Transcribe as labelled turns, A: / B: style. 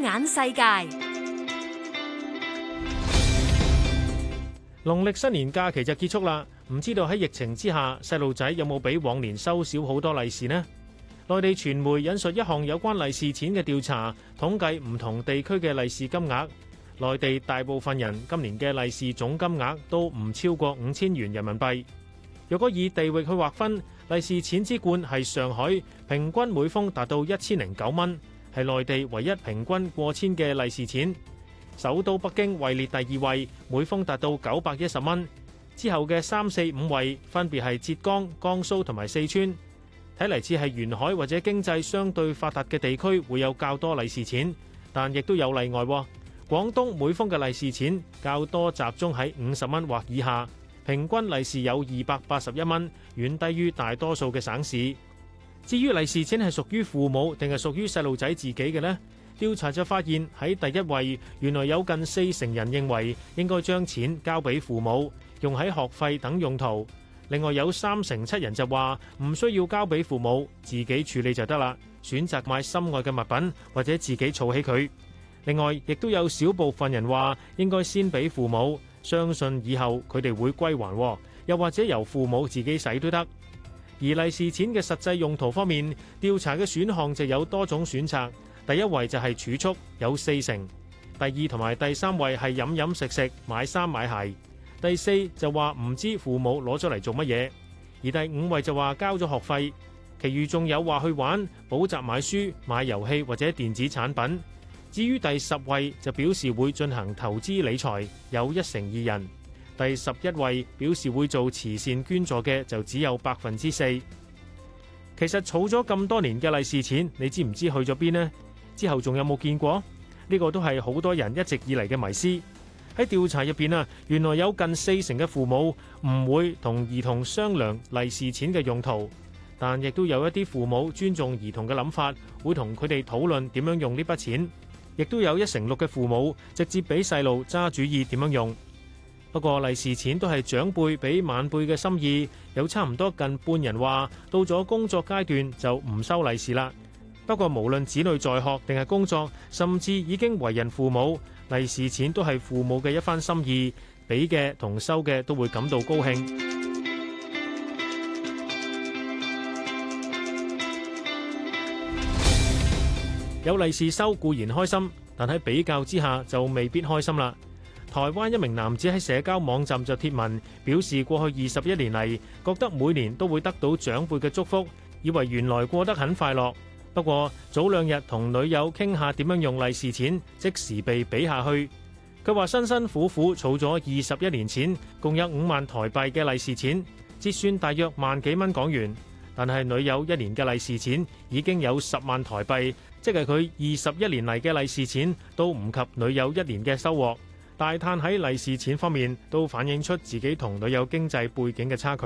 A: 眼世界，農曆新年假期就結束啦。唔知道喺疫情之下，細路仔有冇比往年收少好多利是呢？內地傳媒引述一項有關利是錢嘅調查，統計唔同地區嘅利是金額。內地大部分人今年嘅利是總金額都唔超過五千元人民幣。若果以地域去劃分，利是錢之冠係上海，平均每封達到一千零九蚊。係內地唯一平均過千嘅利是錢，首都北京位列第二位，每封達到九百一十蚊。之後嘅三四五位分別係浙江、江蘇同埋四川。睇嚟似係沿海或者經濟相對發達嘅地區會有較多利是錢，但亦都有例外。廣東每封嘅利是錢較多集中喺五十蚊或以下，平均利是有二百八十一蚊，遠低於大多數嘅省市。至於利是錢係屬於父母定係屬於細路仔自己嘅呢？調查就發現喺第一位，原來有近四成人認為應該將錢交俾父母用喺學費等用途。另外有三成七人就話唔需要交俾父母，自己處理就得啦，選擇買心愛嘅物品或者自己儲起佢。另外亦都有少部分人話應該先俾父母，相信以後佢哋會歸還，又或者由父母自己使都得。而利是錢嘅實際用途方面，調查嘅選項就有多種選擇。第一位就係儲蓄，有四成；第二同埋第三位係飲飲食食、買衫買鞋；第四就話唔知父母攞咗嚟做乜嘢；而第五位就話交咗學費，其餘仲有話去玩、補習、買書、買遊戲或者電子產品。至於第十位就表示會進行投資理財，有一成二人。第十一位表示會做慈善捐助嘅就只有百分之四。其實儲咗咁多年嘅利是錢，你知唔知去咗邊呢？之後仲有冇見過呢？呢個都係好多人一直以嚟嘅迷思，喺調查入邊啊。原來有近四成嘅父母唔會同兒童商量利是錢嘅用途，但亦都有一啲父母尊重兒童嘅諗法，會同佢哋討論點樣用呢筆錢，亦都有一成六嘅父母直接俾細路揸主意點樣用。不過，利是錢都係長輩俾晚輩嘅心意，有差唔多近半人話到咗工作階段就唔收利是啦。不過，無論子女在學定係工作，甚至已經為人父母，利是錢都係父母嘅一番心意，俾嘅同收嘅都會感到高興。有利是收固然開心，但喺比較之下就未必開心啦。台灣一名男子喺社交網站就貼文表示，過去二十一年嚟覺得每年都會得到長輩嘅祝福，以為原來過得很快樂。不過早兩日同女友傾下點樣用利是錢，即時被比下去。佢話辛辛苦苦儲咗二十一年錢，共有五萬台幣嘅利是錢，折算大約萬幾蚊港元。但係女友一年嘅利是錢已經有十萬台幣，即係佢二十一年嚟嘅利是錢都唔及女友一年嘅收穫。大嘆喺利是錢方面，都反映出自己同女友經濟背景嘅差距。